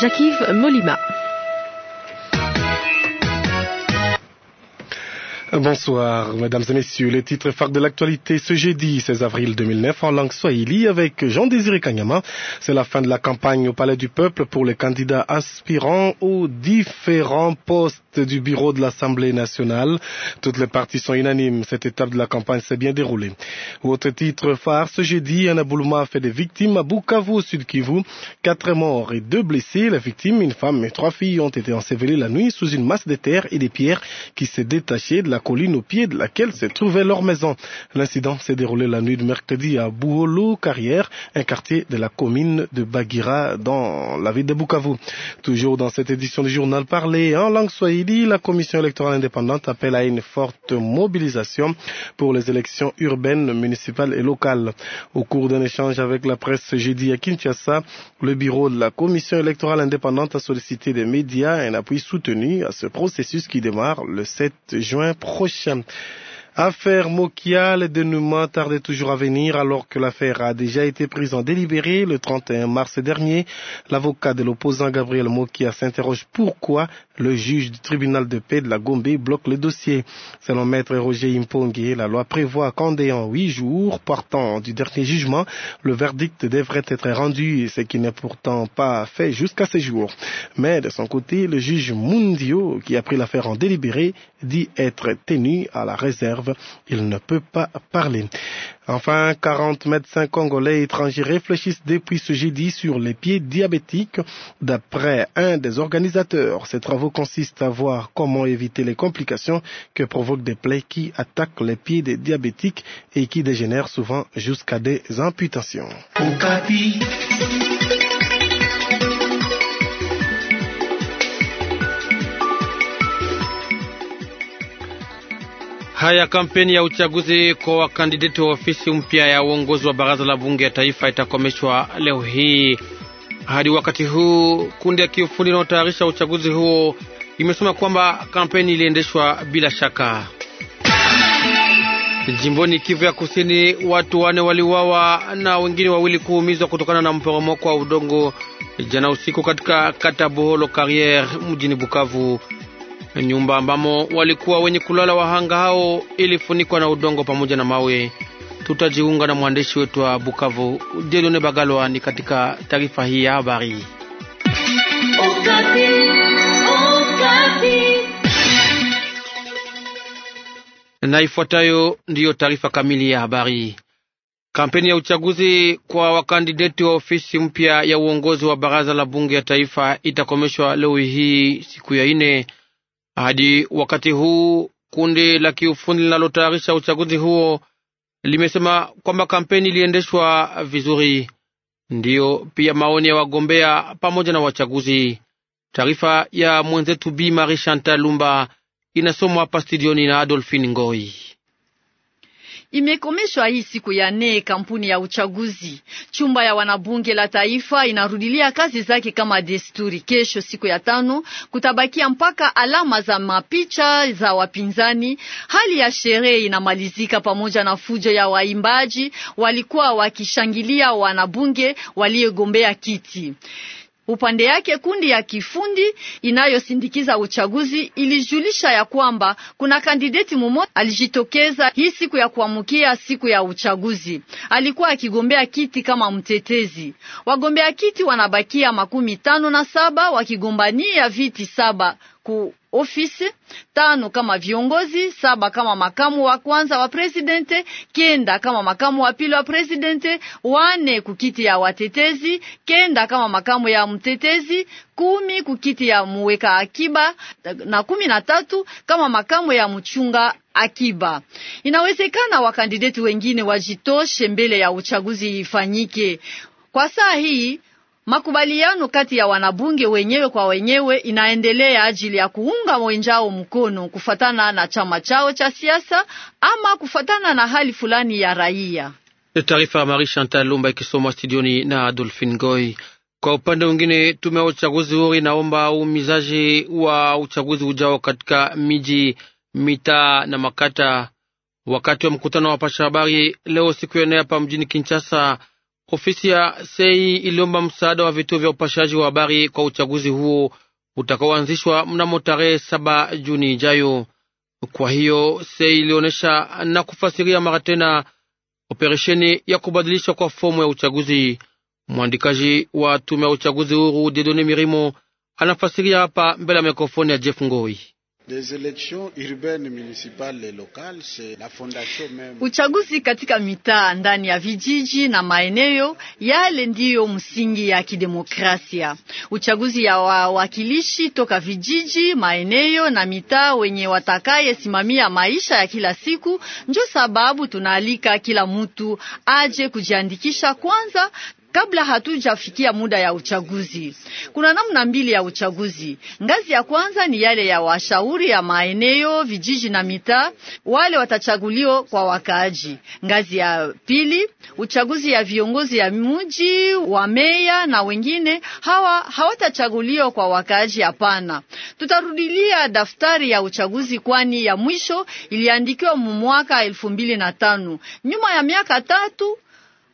jacques Molima. Bonsoir, mesdames et messieurs. Les titres phares de l'actualité ce jeudi 16 avril 2009 en langue swahili avec Jean-Désiré Kanyama. C'est la fin de la campagne au Palais du Peuple pour les candidats aspirants aux différents postes du bureau de l'Assemblée nationale. Toutes les parties sont unanimes. Cette étape de la campagne s'est bien déroulée. Autre titre phare ce jeudi, un aboulement a fait des victimes à Bukavu, Sud Kivu. Quatre morts et deux blessés. Les victimes, une femme et trois filles, ont été ensevelies la nuit sous une masse de terre et des pierres qui s'est détachée de la la colline au pied de laquelle se trouvait leur maison. L'incident s'est déroulé la nuit de mercredi à Bouolo Carrière, un quartier de la commune de Bagira dans la ville de Bukavu. Toujours dans cette édition du journal parlé en langue swahili, la commission électorale indépendante appelle à une forte mobilisation pour les élections urbaines, municipales et locales. Au cours d'un échange avec la presse jeudi à Kinshasa, le bureau de la commission électorale indépendante a sollicité des médias un appui soutenu à ce processus qui démarre le 7 juin prochain prochain. Affaire Mokia, le dénouement tardait toujours à venir alors que l'affaire a déjà été prise en délibéré le 31 mars dernier. L'avocat de l'opposant Gabriel Mokia s'interroge pourquoi le juge du tribunal de paix de la Gombe bloque le dossier. Selon maître Roger Impongué, la loi prévoit qu'en délai huit jours partant du dernier jugement, le verdict devrait être rendu, ce qui n'est pourtant pas fait jusqu'à ce jour. Mais de son côté, le juge Mundio, qui a pris l'affaire en délibéré, dit être tenu à la réserve. Il ne peut pas parler. Enfin, 40 médecins congolais étrangers réfléchissent depuis ce jeudi sur les pieds diabétiques. D'après un des organisateurs, ces travaux consistent à voir comment éviter les complications que provoquent des plaies qui attaquent les pieds des diabétiques et qui dégénèrent souvent jusqu'à des amputations. haya kampeni ya uchaguzi kwa wakandideti wa ofisi mpya ya uongozi wa baraza la bunge ya taifa itakomeshwa leo hii. Hadi wakati huu kundi ya kiufundi inayotayarisha uchaguzi huo imesema kwamba kampeni iliendeshwa bila shaka. Jimboni Kivu ya Kusini, watu wane waliuawa na wengine wawili kuumizwa kutokana na mporomoko wa udongo jana usiku katika kata Boholo Carriere mjini Bukavu. Nyumba ambamo walikuwa wenye kulala wahanga hao ilifunikwa na udongo pamoja na mawe. Tutajiunga na mwandishi wetu wa Bukavu Dieudonne Bagalwa ni katika taarifa hii ya habari. Na ifuatayo ndiyo taarifa kamili ya habari. Kampeni ya uchaguzi kwa wakandideti wa ofisi mpya ya uongozi wa baraza la bunge ya taifa itakomeshwa leo hii siku ya ine. Hadi wakati huu kundi la kiufundi linalotayarisha uchaguzi huo limesema kwamba kampeni iliendeshwa vizuri, ndiyo pia maoni ya wagombea pamoja na wachaguzi. Taarifa ya mwenzetu Bi Marie Chantal Lumba inasomwa hapa studioni na Adolphine Ngoi imekomeshwa hii siku ya nne kampuni ya uchaguzi. Chumba ya wanabunge la taifa inarudilia kazi zake kama desturi. Kesho siku ya tano kutabakia mpaka alama za mapicha za wapinzani. Hali ya sherehe inamalizika pamoja na fujo ya waimbaji walikuwa wakishangilia wanabunge waliogombea kiti. Upande yake kundi ya kifundi inayosindikiza uchaguzi ilijulisha ya kwamba kuna kandideti mmoja alijitokeza hii siku ya kuamkia siku ya uchaguzi. Alikuwa akigombea kiti kama mtetezi. Wagombea kiti wanabakia makumi tano na saba wakigombania viti saba ku ofisi, tano kama viongozi, saba kama makamu wa kwanza wa presidente, kenda kama makamu wa pili wa presidente, wane kukiti ya watetezi, kenda kama makamu ya mtetezi, kumi kukiti ya muweka akiba na kumi na tatu kama makamu ya mchunga akiba. Inawezekana wakandideti wengine wajitoshe mbele ya uchaguzi ifanyike. Kwa saa hii Makubaliano kati ya wanabunge wenyewe kwa wenyewe inaendelea ajili ya kuunga wenjao mkono kufatana na chama chao cha siasa ama kufatana na hali fulani ya raia. Taarifa ya Marie Chantal Lumba ikisomwa studioni na Adolphine Goy. Kwa upande mwingine, tume ya uchaguzi huri naomba umizaji wa uchaguzi ujao katika miji, mitaa na makata. Wakati wa mkutano wa wapasha habari leo siku ya nne hapa mjini Kinshasa Ofisi ya sei iliomba msaada wa vituo vya upashaji wa habari kwa uchaguzi huo utakaoanzishwa mnamo tarehe saba Juni ijayo. Kwa hiyo sei ilionyesha na kufasiria mara tena operesheni ya kubadilishwa kwa fomu ya uchaguzi. Mwandikaji wa tume ya uchaguzi huru Dedone Mirimo anafasiria hapa mbele ya mikrofoni ya Jeff Ngoi. Des élections urbaines, municipales et locales, c'est la fondation même. Uchaguzi katika mitaa ndani ya vijiji na maeneo yale ndiyo msingi ya kidemokrasia. Uchaguzi ya wawakilishi toka vijiji, maeneo na mitaa wenye watakayesimamia maisha ya kila siku, ndio sababu tunaalika kila mtu aje kujiandikisha kwanza kabla hatujafikia muda ya uchaguzi. Kuna namna mbili ya uchaguzi. Ngazi ya kwanza ni yale ya washauri ya maeneo, vijiji na mitaa, wale watachaguliwa kwa wakaaji. Ngazi ya pili, uchaguzi ya viongozi ya mji wa meya na wengine, hawa hawatachaguliwa kwa wakaaji. Hapana, tutarudilia daftari ya uchaguzi, kwani ya mwisho iliandikiwa mwaka elfu mbili na tano nyuma ya miaka tatu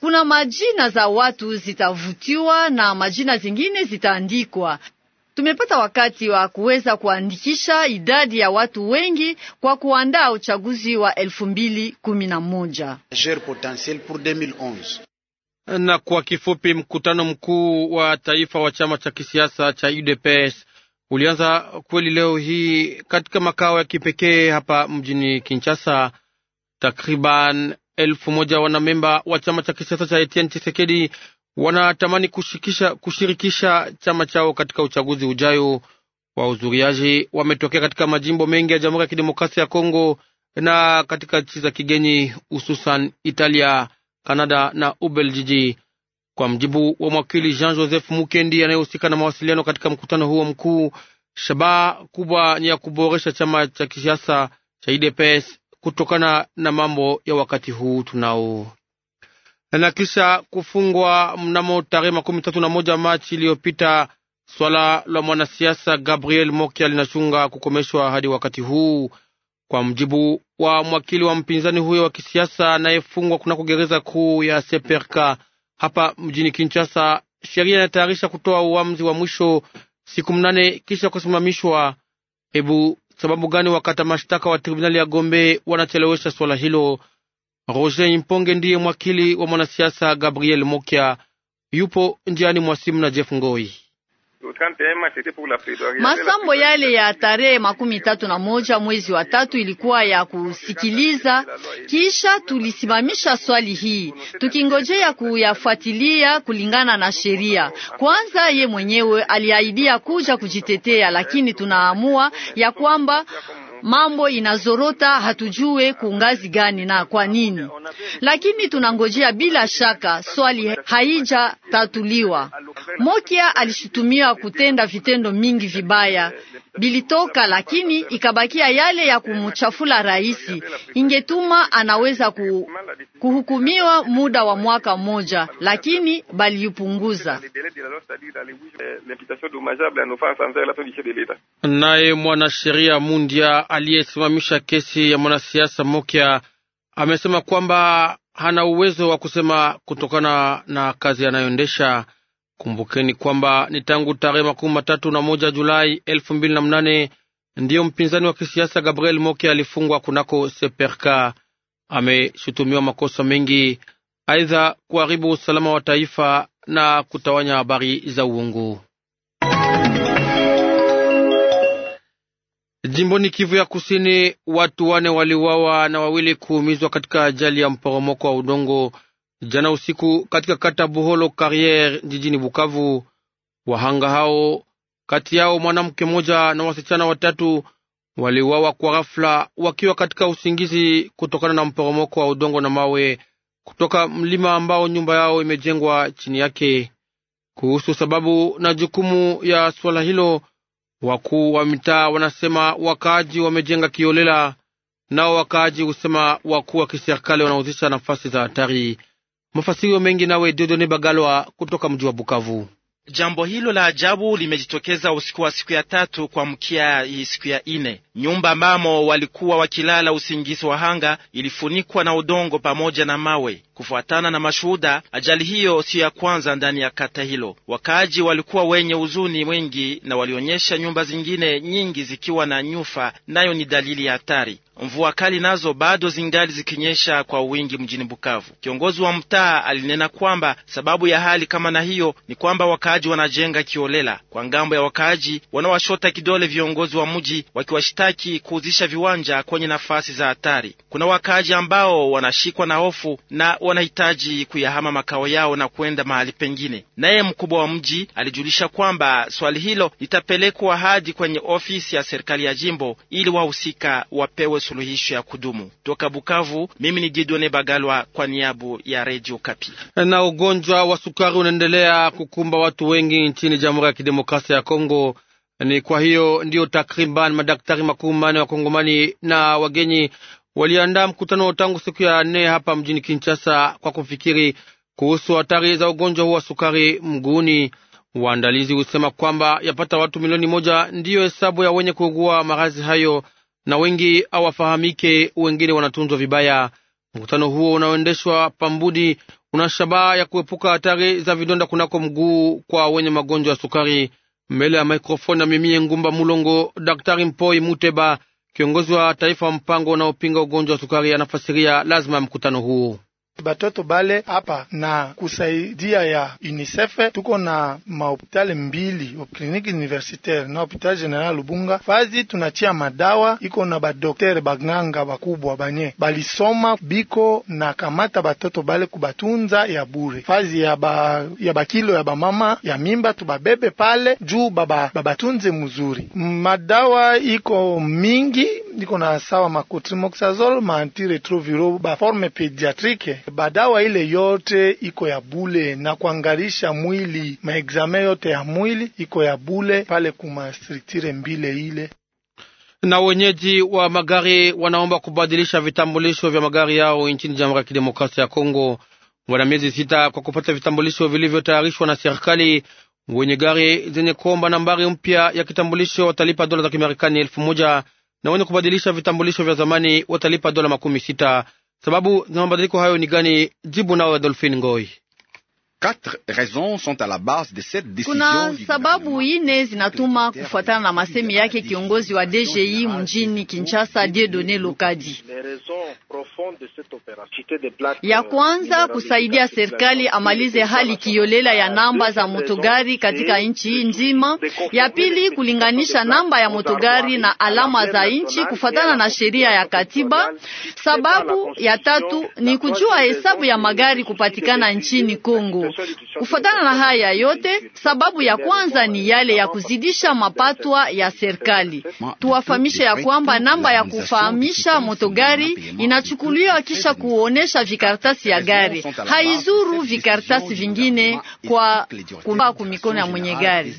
kuna majina za watu zitavutiwa na majina zingine zitaandikwa. Tumepata wakati wa kuweza kuandikisha idadi ya watu wengi kwa kuandaa uchaguzi wa 2011 na kwa kifupi, mkutano mkuu wa taifa wa chama cha kisiasa cha UDPS ulianza kweli leo hii katika makao ya kipekee hapa mjini Kinshasa. Takriban elfu moja wanamemba wa chama cha kisiasa cha Etienne Tshisekedi wanatamani kushirikisha, kushirikisha chama chao katika uchaguzi ujayo. Wahudhuriaji wametokea katika majimbo mengi ya Jamhuri ya Kidemokrasia ya Kongo na katika nchi za kigeni, hususan Italia, Kanada na Ubeljiji. Kwa mjibu wa mwakili Jean Joseph Mukendi anayehusika na mawasiliano katika mkutano huo mkuu, shabaha kubwa ni ya kuboresha chama cha kisiasa cha IDPS kutokana na mambo ya wakati huu tunao na kisha kufungwa mnamo tarehe makumi tatu na moja Machi iliyopita, swala la mwanasiasa Gabriel Mokia linachunga kukomeshwa hadi wakati huu, kwa mjibu wa mwakili wa mpinzani huyo wa kisiasa anayefungwa kunako gereza kuu ya Seperka hapa mjini Kinshasa. Sheria inatayarisha kutoa uamuzi wa mwisho siku mnane kisha kusimamishwa. Hebu sababu gani wakata mashtaka wa tribunali ya Gombe wanachelewesha swala hilo? Roger Imponge ndiye mwakili wa mwanasiasa Gabriel Mokia, yupo njiani mwa simu na Jeff Ngoi. Masambo yale ya tarehe makumi tatu na moja mwezi wa tatu ilikuwa ya kusikiliza, kisha tulisimamisha swali hii tukingojea kuyafuatilia kulingana na sheria. Kwanza ye mwenyewe aliahidia kuja kujitetea, lakini tunaamua ya kwamba mambo inazorota, hatujue kungazi gani na kwa nini, lakini tunangojea. Bila shaka swali haijatatuliwa. Mokia alishutumiwa kutenda vitendo mingi vibaya bilitoka, lakini ikabakia yale ya kumchafula rais, ingetuma anaweza kuhukumiwa muda wa mwaka mmoja, lakini baliupunguza. Naye mwanasheria Mundia aliyesimamisha kesi ya mwanasiasa mokya amesema kwamba hana uwezo wa kusema kutokana na kazi anayoendesha. Kumbukeni kwamba ni tangu tarehe makumi matatu na moja Julai elfu mbili na mnane ndiyo mpinzani wa kisiasa Gabriel Moke alifungwa kunako Seperka. Ameshutumiwa makosa mengi, aidha kuharibu usalama wa taifa na kutawanya habari za uongo. Jimboni Kivu ya Kusini, watu wane waliwawa na wawili kuumizwa katika ajali ya mporomoko wa udongo jana usiku katika kata Buholo Carriere jijini Bukavu. Wahanga hao kati yao mwanamke mmoja na wasichana watatu waliwawa kwa ghafla wakiwa katika usingizi kutokana na mporomoko wa udongo na mawe kutoka mlima ambao nyumba yao imejengwa chini yake. Kuhusu sababu na jukumu ya swala hilo Wakuu wa mitaa wanasema wakaaji wamejenga kiolela, nao wakaaji husema wakuu wa kiserikali wanahuzisha nafasi za hatari. Mafasirio mengi nawe Dodone Bagalwa kutoka mji wa Bukavu. Jambo hilo la ajabu limejitokeza usiku wa siku ya tatu kuamkia hii siku ya ine. Nyumba ambamo walikuwa wakilala usingizi wa hanga ilifunikwa na udongo pamoja na mawe. Kufuatana na mashuhuda, ajali hiyo siyo ya kwanza ndani ya kata hilo. Wakaaji walikuwa wenye huzuni mwingi na walionyesha nyumba zingine nyingi zikiwa na nyufa, nayo ni dalili ya hatari. Mvua kali nazo bado zingali zikinyesha kwa wingi mjini Bukavu. Kiongozi wa mtaa alinena kwamba sababu ya hali kama na hiyo ni kwamba wakaaji wanajenga kiolela. Kwa ngambo ya wakaaji, wanawashota kidole viongozi wa mji wakiwashitaki kuuzisha viwanja kwenye nafasi za hatari. Kuna wakaaji ambao wanashikwa na hofu na wanahitaji kuyahama makao yao na kwenda mahali pengine. Naye mkubwa wa mji alijulisha kwamba swali hilo litapelekwa hadi kwenye ofisi ya serikali ya jimbo ili wahusika wapewe suluhisho ya kudumu. Toka Bukavu, mimi ni Jidone Bagalwa kwa niabu ya Radio Kapi. Na ugonjwa wa sukari unaendelea kukumba watu wengi nchini Jamhuri ya Kidemokrasia ya Kongo. Ni kwa hiyo ndiyo takriban madaktari makumi mane wa Kongomani na wagenyi waliandaa mkutano tangu siku ya nne hapa mjini Kinshasa kwa kufikiri kuhusu hatari za ugonjwa huu wa sukari mguuni. Waandalizi husema kwamba yapata watu milioni moja ndiyo hesabu ya wenye kuugua maradhi hayo na wengi awafahamike, wengine wanatunzwa vibaya. Mkutano huo unaoendeshwa Pambudi una shabaha ya kuepuka hatari za vidonda kunako mguu kwa wenye magonjwa ya sukari. Mbele ya mikrofoni Mimie Ngumba Mulongo, Daktari Mpoi Muteba, kiongozi wa taifa wa mpango unaopinga ugonjwa wa sukari, anafasiria lazima ya mkutano huo batoto bale hapa na kusaidia ya UNICEF. Tuko na mahopitali mbili, kliniki universitaire na hopital general Lubunga fazi. Tunachia madawa iko na badoktere baganga bakubwa banye balisoma biko na kamata batoto bale kubatunza ya bure fazi ya, ba, ya bakilo ya bamama ya mimba tubabebe pale juu baba babatunze mzuri. Madawa iko mingi na nikonasawa macotrimoxazol ba baforme pediatrique badawa ile yote iko ya bule na kuangalisha mwili, maexame yote ya mwili iko ya bule pale kuma kumastriktire mbile ile na wenyeji wa magari wanaomba kubadilisha vitambulisho vya magari yao nchini Jamhuri ya Kidemokrasia ya Kongo. Wana miezi sita kwa kupata vitambulisho vilivyotayarishwa na serikali. Wenye gari zenye kuomba nambari mpya ya kitambulisho watalipa dola za Kimarekani elfu moja na wenye kubadilisha vitambulisho vya zamani watalipa dola makumi sita. Sababu za mabadiliko hayo ni gani? Jibu nao Adolphine Ngoi. Kuna sababu ine zinatuma kufuatana na masemi yake kiongozi wa DGI mjini Kinshasa Dieudonne Lokadi ya euh, kwanza kusaidia serikali amalize hali kiolela ya namba za motogari katika nchi nzima. Ya pili kulinganisha namba ya motogari na alama za nchi kufatana na sheria ya katiba. Sababu ya tatu ni kujua hesabu ya magari kupatikana nchini Kongo. Kufatana na haya yote, sababu ya kwanza ni yale ya kuzidisha mapatwa ya serikali. Tuwafahamishe ya kwamba namba ya kufahamisha motogari inachukuliwa kuchukuliwa kisha kuonesha vikaratasi ya gari, haizuru vikaratasi vingine kwa kumikono ya mwenye gari.